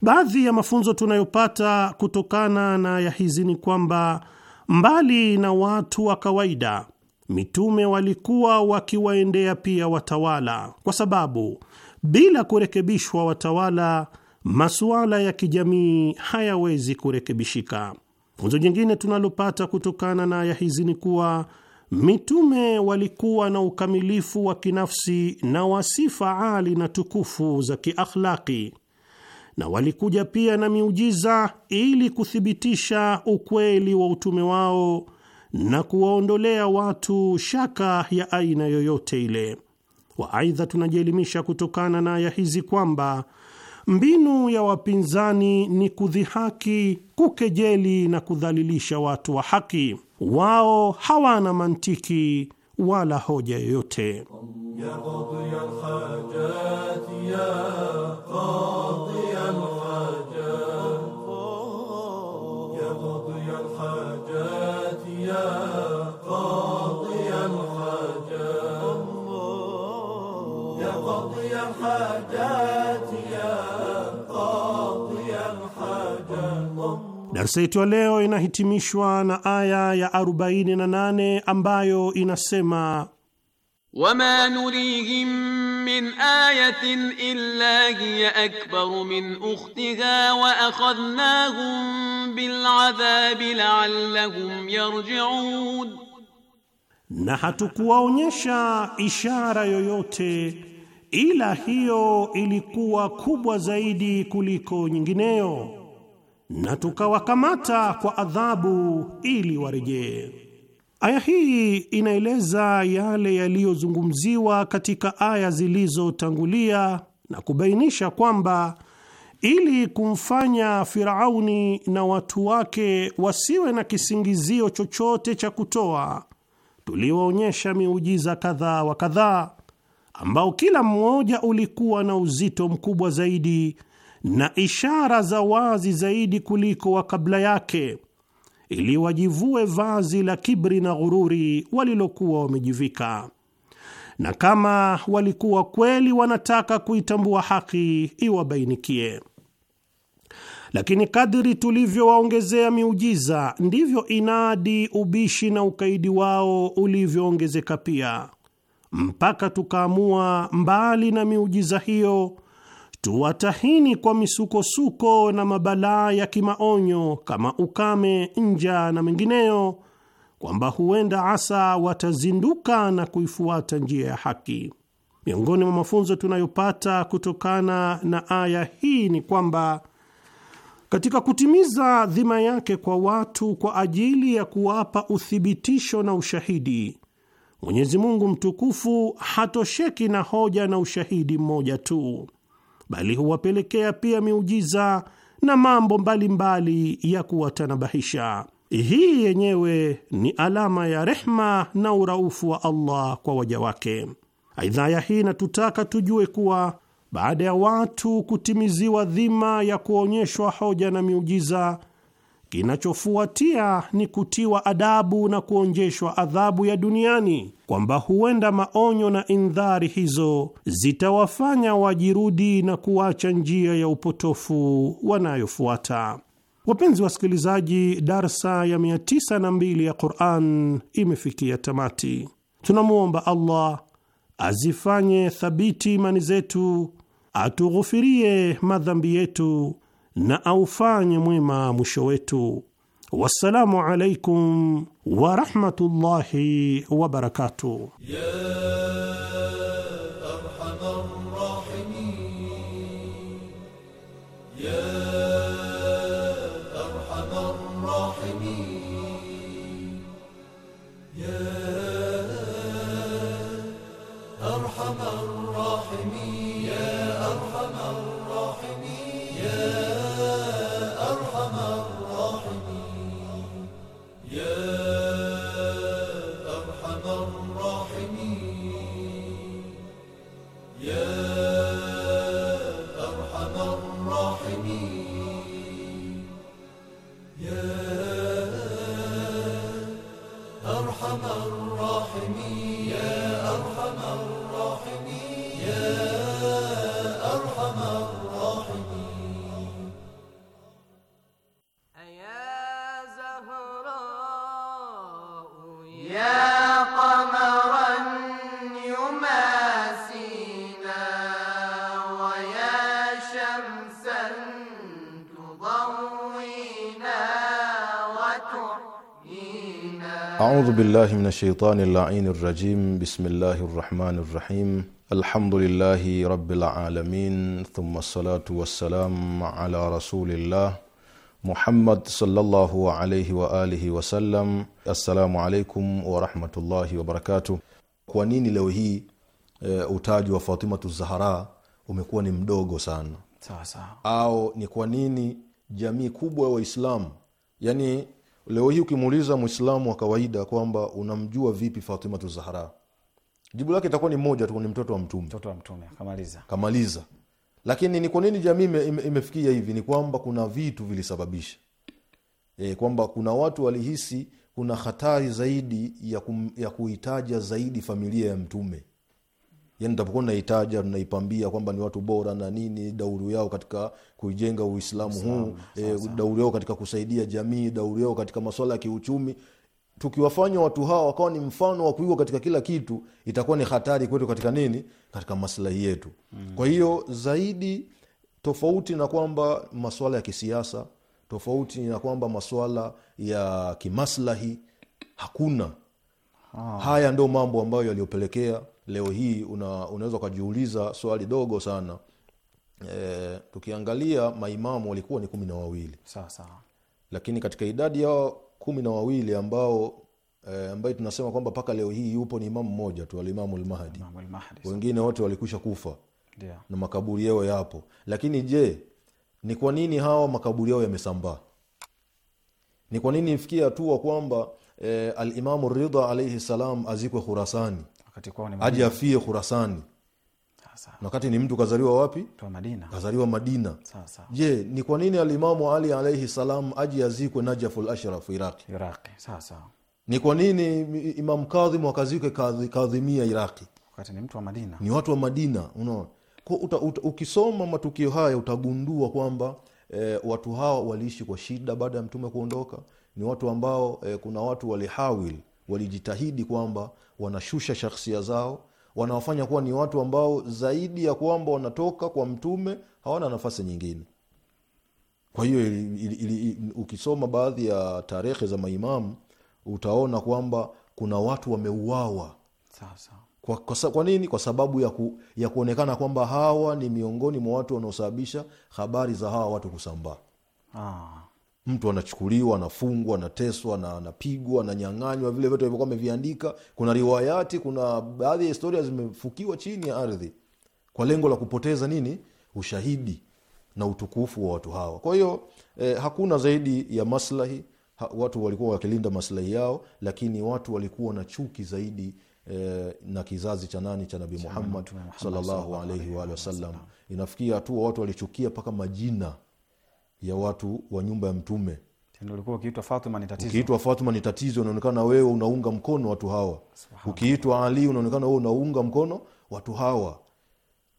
Baadhi ya mafunzo tunayopata kutokana na ya hizi ni kwamba mbali na watu wa kawaida, mitume walikuwa wakiwaendea pia watawala, kwa sababu bila kurekebishwa watawala, masuala ya kijamii hayawezi kurekebishika. Funzo jingine tunalopata kutokana na ya hizi ni kuwa mitume walikuwa na ukamilifu wa kinafsi na wasifa ali na tukufu za kiakhlaki na walikuja pia na miujiza ili kuthibitisha ukweli wa utume wao na kuwaondolea watu shaka ya aina yoyote ile. Waaidha, tunajielimisha kutokana na aya hizi kwamba mbinu ya wapinzani ni kudhihaki, kukejeli na kudhalilisha watu wa haki. Wao hawana mantiki wala hoja yoyote ya Darsa yetu ya leo inahitimishwa na aya ya 48 ambayo inasema wama nurihim min ayatin illa hiya akbar min ukhtiha wa akhadhnahum bil'adhabi la'allahum yarji'un, na hatukuwaonyesha ishara yoyote ila hiyo ilikuwa kubwa zaidi kuliko nyingineyo, na tukawakamata kwa adhabu ili warejee. Aya hii inaeleza yale yaliyozungumziwa katika aya zilizotangulia na kubainisha kwamba ili kumfanya Firauni na watu wake wasiwe na kisingizio chochote cha kutoa, tuliwaonyesha miujiza kadhaa wa kadhaa ambao kila mmoja ulikuwa na uzito mkubwa zaidi na ishara za wazi zaidi kuliko wa kabla yake, ili wajivue vazi la kibri na ghururi walilokuwa wamejivika. Na kama walikuwa kweli wanataka kuitambua haki, iwabainikie. Lakini kadri tulivyowaongezea miujiza, ndivyo inadi, ubishi na ukaidi wao ulivyoongezeka pia mpaka tukaamua mbali na miujiza hiyo tuwatahini kwa misukosuko na mabalaa ya kimaonyo kama ukame, njaa na mengineyo, kwamba huenda asa watazinduka na kuifuata njia ya haki. Miongoni mwa mafunzo tunayopata kutokana na aya hii ni kwamba katika kutimiza dhima yake kwa watu kwa ajili ya kuwapa uthibitisho na ushahidi Mwenyezi Mungu mtukufu hatosheki na hoja na ushahidi mmoja tu, bali huwapelekea pia miujiza na mambo mbalimbali mbali ya kuwatanabahisha. Hii yenyewe ni alama ya rehma na uraufu wa Allah kwa waja wake. Aidha, ya hii inatutaka tujue kuwa baada ya watu kutimiziwa dhima ya kuonyeshwa hoja na miujiza Kinachofuatia ni kutiwa adabu na kuonjeshwa adhabu ya duniani, kwamba huenda maonyo na indhari hizo zitawafanya wajirudi na kuacha njia ya upotofu wanayofuata. Wapenzi wasikilizaji, darsa ya 92 ya Quran imefikia tamati. Tunamwomba Allah azifanye thabiti imani zetu, atughufirie madhambi yetu na aufanye mwema mwisho wetu. Wassalamu alaikum warahmatullahi wabarakatuh. Yeah. أعوذ بالله من الشيطان اللعين الرجيم بسم الله الرحمن الرحيم الحمد لله رب العالمين ثم الصلاة والسلام على رسول الله محمد صلى الله عليه وآله وسلم السلام عليكم ورحمة الله وبركاته kwa nini leo hii e, utaji wa fatimatu zahara umekuwa ni mdogo sana sawa sawa au ni kwa nini jamii kubwa ya wa waislamu yani Leo hii ukimuuliza Muislamu wa kawaida kwamba unamjua vipi Fatimatu Zahra, jibu lake itakuwa ni moja tu, ni mtoto wa Mtume. Mtoto wa Mtume kamaliza, kamaliza. Lakini ni kwa nini jamii ime, imefikia hivi? Ni kwamba kuna vitu vilisababisha e, kwamba kuna watu walihisi kuna hatari zaidi ya, kum, ya kuitaja zaidi familia ya Mtume yani naitaja naipambia kwamba ni watu bora na nini, dauru yao katika kuijenga Uislamu huu e, eh, dauru yao katika kusaidia jamii, dauru yao katika maswala ya kiuchumi tukiwafanya watu hawa wakawa ni mfano wa kuigwa katika kila kitu, itakuwa ni hatari kwetu katika nini, katika maslahi yetu mm. Kwa hiyo zaidi, tofauti na kwamba maswala ya kisiasa, tofauti na kwamba maswala ya kimaslahi, hakuna ha. Ah. Haya ndo mambo ambayo yaliyopelekea leo hii una, unaweza ukajiuliza swali dogo sana e, tukiangalia maimamu walikuwa ni kumi na wawili sawa sawa lakini katika idadi yao kumi na wawili ambao e, ambaye tunasema kwamba mpaka leo hii yupo ni imamu mmoja tu alimamu lmahdi wengine wote walikwisha kufa yeah. na makaburi yao yapo lakini je ni kwa nini hawa makaburi yao yamesambaa ni kwa nini ifikia hatua kwamba e, alimamu ridha alaihi salam azikwe khurasani hadi afie Khurasani na wakati ni mtu kazaliwa wapi? Madina. Kazaliwa Madina. Sasa je, ni kwa nini Alimamu Ali alaihi salam aji azikwe Najaful Ashraf Iraqi? Iraqi. Sasa ni kwa nini Imam Kadhim wakazikwe Kadhimia Iraqi? Wakati ni mtu wa Madina, ni watu wa Madina. Unaona, ukisoma matukio haya utagundua kwamba e, watu hawa waliishi kwa shida baada ya mtume kuondoka. Ni watu ambao e, kuna watu walihawil walijitahidi kwamba wanashusha shakhsia zao wanawafanya kuwa ni watu ambao zaidi ya kwamba wanatoka kwa mtume hawana nafasi nyingine kwa hiyo ukisoma baadhi ya tarehe za maimamu utaona kwamba kuna watu wameuawa kwa, kwa, kwa nini kwa sababu ya, ku, ya kuonekana kwamba hawa ni miongoni mwa watu wanaosababisha habari za hawa watu kusambaa ah mtu anachukuliwa anafungwa anateswa anapigwa ananyang'anywa vile vyote alivyokuwa ameviandika kuna riwayati kuna baadhi ya historia zimefukiwa chini ya ardhi kwa lengo la kupoteza nini ushahidi na utukufu wa watu hawa kwa hiyo eh, hakuna zaidi ya maslahi ha, watu walikuwa wakilinda maslahi yao lakini watu walikuwa na chuki zaidi eh, na kizazi cha nani cha nabii muhammad salllahu waalihi wasallam inafikia hatua watu walichukia mpaka majina ya watu wa nyumba ya mtume ukiitwa fatma ni tatizo, unaonekana wewe unaunga mkono watu hawa. Ukiitwa Ali unaonekana wewe unaunga mkono watu hawa.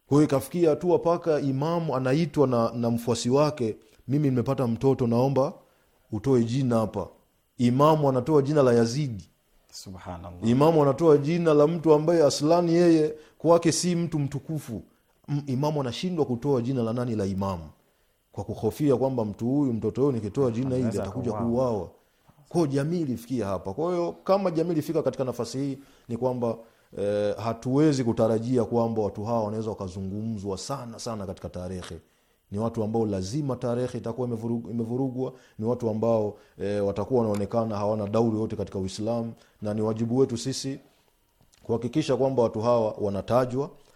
Kwa ikafikia hatua paka imamu anaitwa na, na mfuasi wake, mimi nimepata mtoto, naomba utoe jina hapa. Imamu anatoa jina la Yazidi. Imamu anatoa jina la mtu ambaye aslani yeye kwake si mtu mtukufu. Imamu anashindwa kutoa jina la nani la imamu kwa kuhofia kwamba mtu huyu mtoto huyu nikitoa jina hili atakuja kuuawa. Kwao jamii ilifikia hapa. Kwa hiyo kama jamii ilifika katika nafasi hii, ni kwamba eh, hatuwezi kutarajia kwamba watu hawa wanaweza wakazungumzwa sana sana katika tarehe ni watu ambao lazima tarehe itakuwa imevurugwa. Ni watu ambao e, watakuwa wanaonekana hawana dauri yote katika Uislamu, na ni wajibu wetu sisi kuhakikisha kwamba watu hawa wanatajwa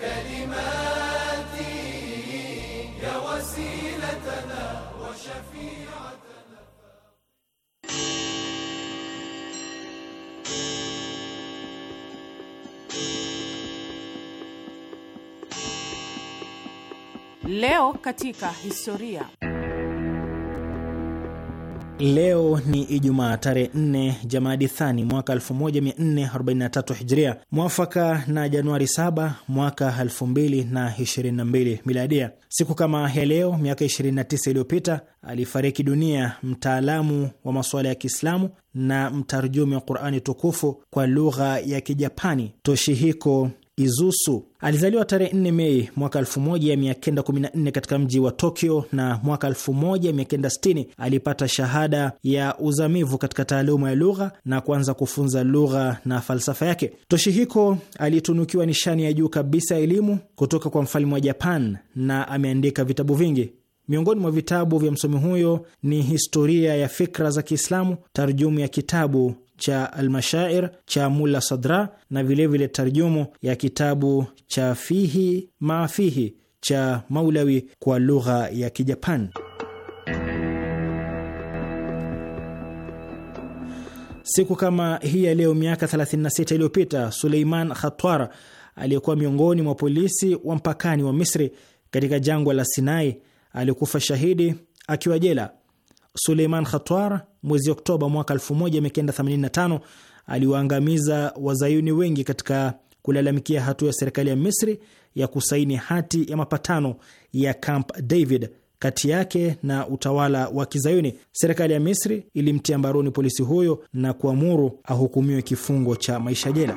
كلماتي يا وسيلتنا وشفيعتنا Leo katika historia. Leo ni Ijumaa tarehe 4 Jamadi Thani mwaka 1443 Hijria, mwafaka na Januari 7 mwaka 2022 Miladia. Siku kama ya leo miaka 29 iliyopita alifariki dunia mtaalamu wa masuala ya Kiislamu na mtarjumi wa Qurani tukufu kwa lugha ya Kijapani, Toshihiko Izusu alizaliwa tarehe 4 Mei mwaka 1914 katika mji wa Tokyo, na mwaka 1960 alipata shahada ya uzamivu katika taaluma ya lugha na kuanza kufunza lugha na falsafa yake. Toshihiko alitunukiwa nishani ya juu kabisa ya elimu kutoka kwa mfalme wa Japan na ameandika vitabu vingi. Miongoni mwa vitabu vya msomi huyo ni historia ya fikra za Kiislamu, tarjumu ya kitabu cha Almashair cha Mulla Sadra na vilevile tarjumu ya kitabu cha Fihi Maafihi cha Maulawi kwa lugha ya kijapan Siku kama hii ya leo miaka 36 iliyopita Suleiman Khatwar aliyekuwa miongoni mwa polisi wa mpakani wa Misri katika jangwa la Sinai alikufa shahidi akiwa jela Suleiman Khatwar mwezi Oktoba mwaka 1985 aliwaangamiza wazayuni wengi katika kulalamikia hatua ya serikali ya Misri ya kusaini hati ya mapatano ya Camp David kati yake na utawala wa kizayuni. Serikali ya Misri ilimtia mbaroni polisi huyo na kuamuru ahukumiwe kifungo cha maisha jela.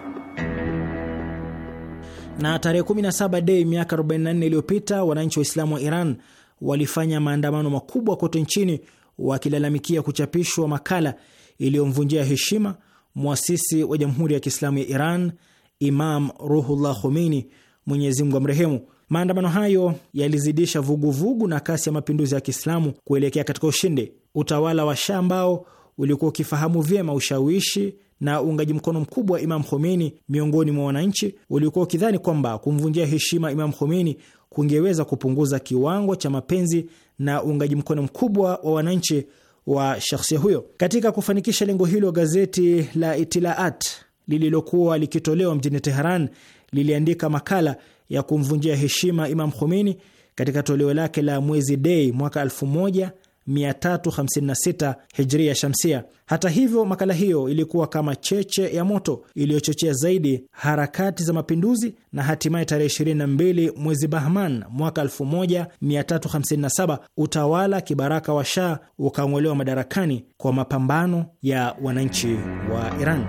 Na tarehe 17 Dei miaka 44 iliyopita wananchi Waislamu wa Iran walifanya maandamano makubwa kote nchini wakilalamikia kuchapishwa makala iliyomvunjia heshima mwasisi wa Jamhuri ya Kiislamu ya Iran, Imam Ruhullah Khomeini, Mwenyezi Mungu amrehemu. Maandamano hayo yalizidisha vuguvugu vugu na kasi ya mapinduzi ya Kiislamu kuelekea katika ushindi. Utawala wa Sha ambao ulikuwa ukifahamu vyema ushawishi na uungaji mkono mkubwa wa Imam Khomeini miongoni mwa wananchi, ulikuwa ukidhani kwamba kumvunjia heshima Imam Khomeini kungeweza kupunguza kiwango cha mapenzi na uungaji mkono mkubwa wa wananchi wa shakhsia huyo. Katika kufanikisha lengo hilo, gazeti la Itilaat lililokuwa likitolewa mjini Teheran liliandika makala ya kumvunjia heshima Imam Khomeini katika toleo lake la mwezi Dei mwaka 1400 356 hijria shamsia. Hata hivyo, makala hiyo ilikuwa kama cheche ya moto iliyochochea zaidi harakati za mapinduzi na hatimaye tarehe 22 mwezi Bahman mwaka 1357 utawala kibaraka wa Shah ukang'olewa madarakani kwa mapambano ya wananchi wa Iran.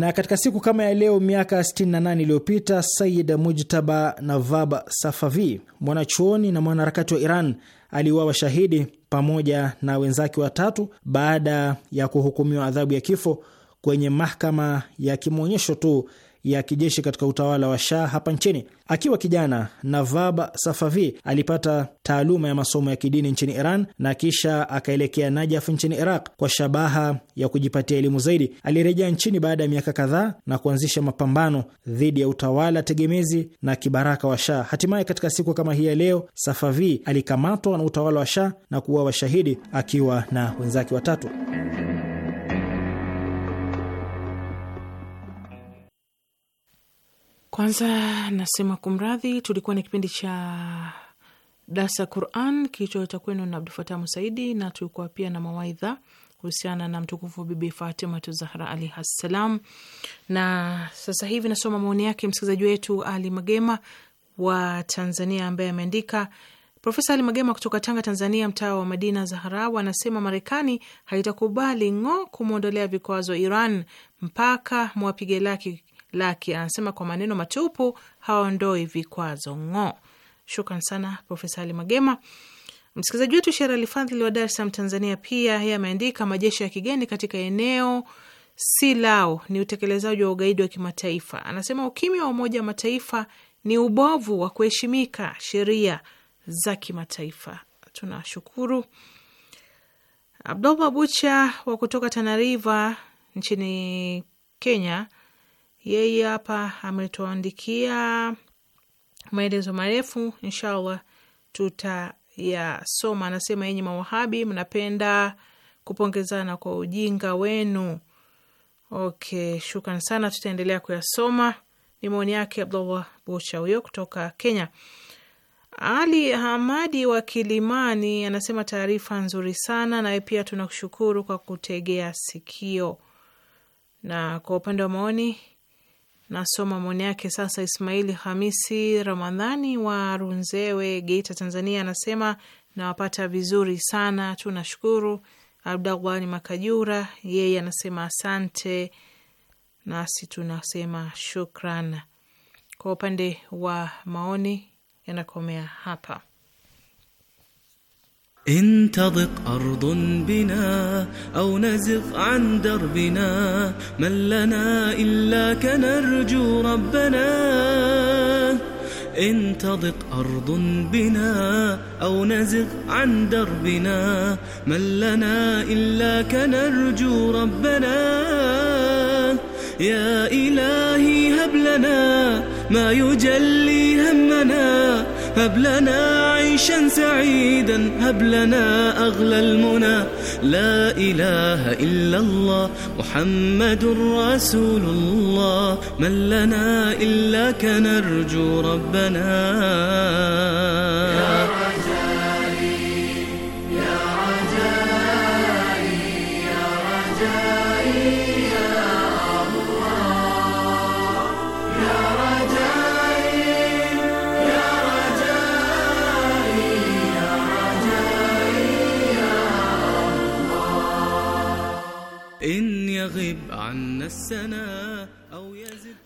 Na katika siku kama ya leo miaka 68 iliyopita sayid Mujtaba Navab Safavi, mwanachuoni na mwanaharakati wa Iran, aliuawa shahidi pamoja na wenzake watatu baada ya kuhukumiwa adhabu ya kifo kwenye mahakama ya kimwonyesho tu ya kijeshi katika utawala wa Shah hapa nchini. Akiwa kijana, Navab Safavi alipata taaluma ya masomo ya kidini nchini Iran na kisha akaelekea Najaf nchini Iraq. Kwa shabaha ya kujipatia elimu zaidi, alirejea nchini baada ya miaka kadhaa na kuanzisha mapambano dhidi ya utawala tegemezi na kibaraka wa Shah. Hatimaye katika siku kama hii ya leo, Safavi alikamatwa na utawala wa Shah na kuwa washahidi akiwa na wenzake watatu. Kwanza nasema kumradhi, tulikuwa na kipindi cha darsa Quran kilicholetwa kwenu na Abdu Fatah Musaidi, na tulikuwa pia na mawaidha kuhusiana na mtukufu Bibi Fatimatu Zahra alaihi ssalam. Na sasa hivi nasoma maoni yake msikilizaji wetu Ali Magema wa Tanzania, ambaye ameandika Profesa Ali Magema kutoka Tanga, Tanzania, mtaa wa Madina Zaharau, anasema Marekani haitakubali ng'o kumwondolea vikwazo Iran mpaka mwapige laki Laki anasema kwa maneno matupu hawaondoi vikwazo ng'o. Shukran sana Profesa Ali Magema. Msikilizaji wetu Sherali Fadhili wa Dar es Salaam, Tanzania, pia yeye ameandika majeshi ya kigeni katika eneo si lao ni utekelezaji wa ugaidi wa kimataifa. Anasema ukimya wa Umoja wa Mataifa ni ubovu wa kuheshimika sheria za kimataifa. Tunashukuru. Abdullah Bucha wa kutoka Tanariva nchini Kenya yeye hapa ametuandikia maelezo marefu, inshallah tutayasoma. Anasema, yenye mawahabi, mnapenda kupongezana kwa ujinga wenu. Okay, shukran sana, tutaendelea kuyasoma. Ni maoni yake Abdullah Bucha huyo kutoka Kenya. Ali Hamadi wa Kilimani anasema taarifa nzuri sana, nawe pia tunakushukuru kwa kutegea sikio. Na kwa upande wa maoni Nasoma maoni yake sasa. Ismaili Hamisi Ramadhani wa Runzewe, Geita, Tanzania, anasema nawapata vizuri sana, tunashukuru. Abdalwani Makajura yeye anasema asante, nasi tunasema shukran. Kwa upande wa maoni yanakomea hapa. إن تضق أرض بنا أو نزغ عن دربنا من لنا إلا كنرجو ربنا إن تضق أرض بنا أو نزغ عن دربنا من لنا إلا كنرجو ربنا يا إلهي هب لنا ما يجلي همنا هب لنا عيشا سعيدا هب لنا أغلى المنى لا إله إلا الله محمد رسول الله من لنا إلا كنرجو ربنا يا رب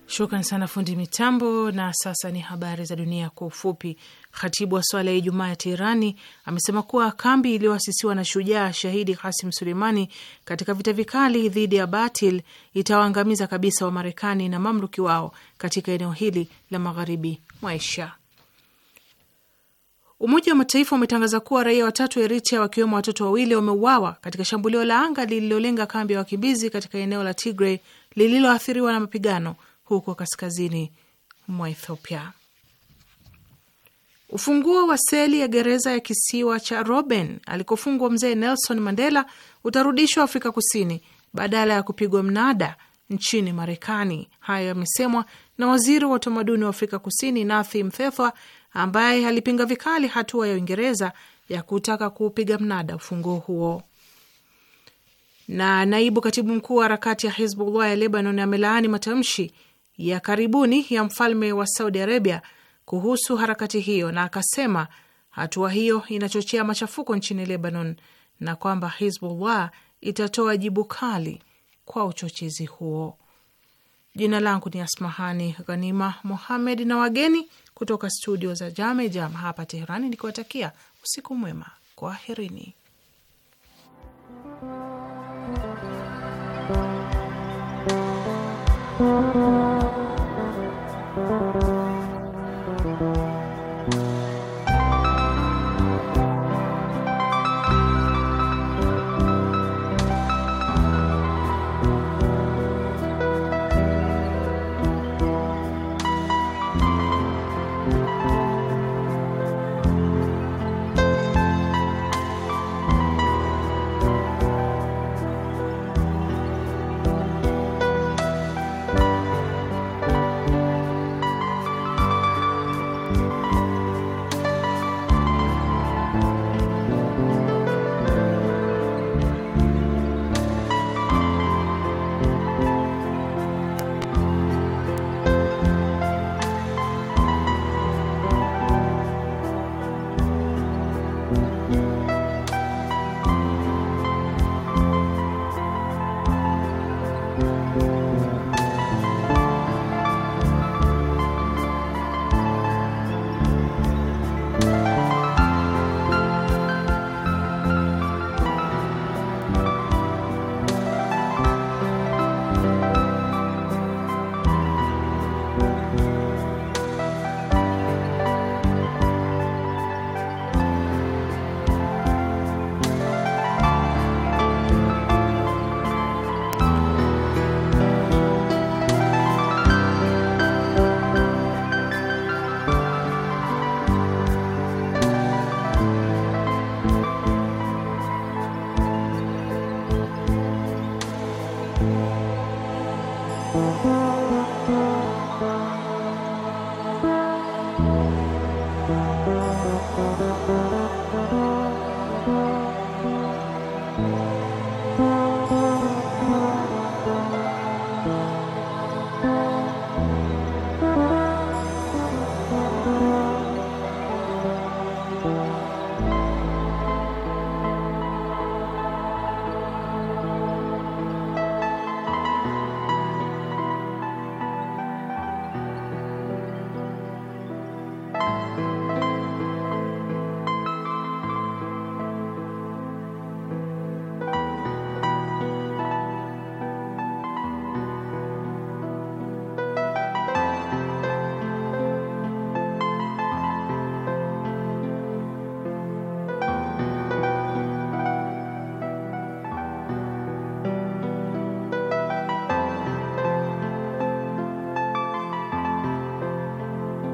Shukran sana fundi mitambo. Na sasa ni habari za dunia kwa ufupi. Khatibu wa swala ya Ijumaa ya Teherani amesema kuwa kambi iliyoasisiwa na shujaa shahidi Kasim Suleimani katika vita vikali dhidi ya Batil itawaangamiza kabisa Wamarekani na mamluki wao katika eneo hili la magharibi mwa Asia. Umoja wa Mataifa umetangaza kuwa raia watatu wa Eritrea wakiwemo watoto wawili wameuawa katika shambulio la anga lililolenga kambi ya wa wakimbizi katika eneo la Tigray lililoathiriwa na mapigano huko kaskazini mwa Ethiopia. Ufunguo wa seli ya gereza ya kisiwa cha Robben alikofungwa mzee Nelson Mandela utarudishwa Afrika Kusini badala ya kupigwa mnada nchini Marekani. Hayo yamesemwa na waziri wa utamaduni wa Afrika Kusini Nathi Mthethwa ambaye alipinga vikali hatua ya Uingereza ya kutaka kuupiga mnada ufunguo huo. Na naibu katibu mkuu wa harakati ya Hizbullah ya Lebanon amelaani matamshi ya karibuni ya mfalme wa Saudi Arabia kuhusu harakati hiyo, na akasema hatua hiyo inachochea machafuko nchini Lebanon na kwamba Hizbullah itatoa jibu kali kwa uchochezi huo. Jina langu ni Asmahani Ghanima Mohamed na wageni kutoka studio za jame jam hapa Teherani, nikiwatakia usiku mwema. Kwaherini.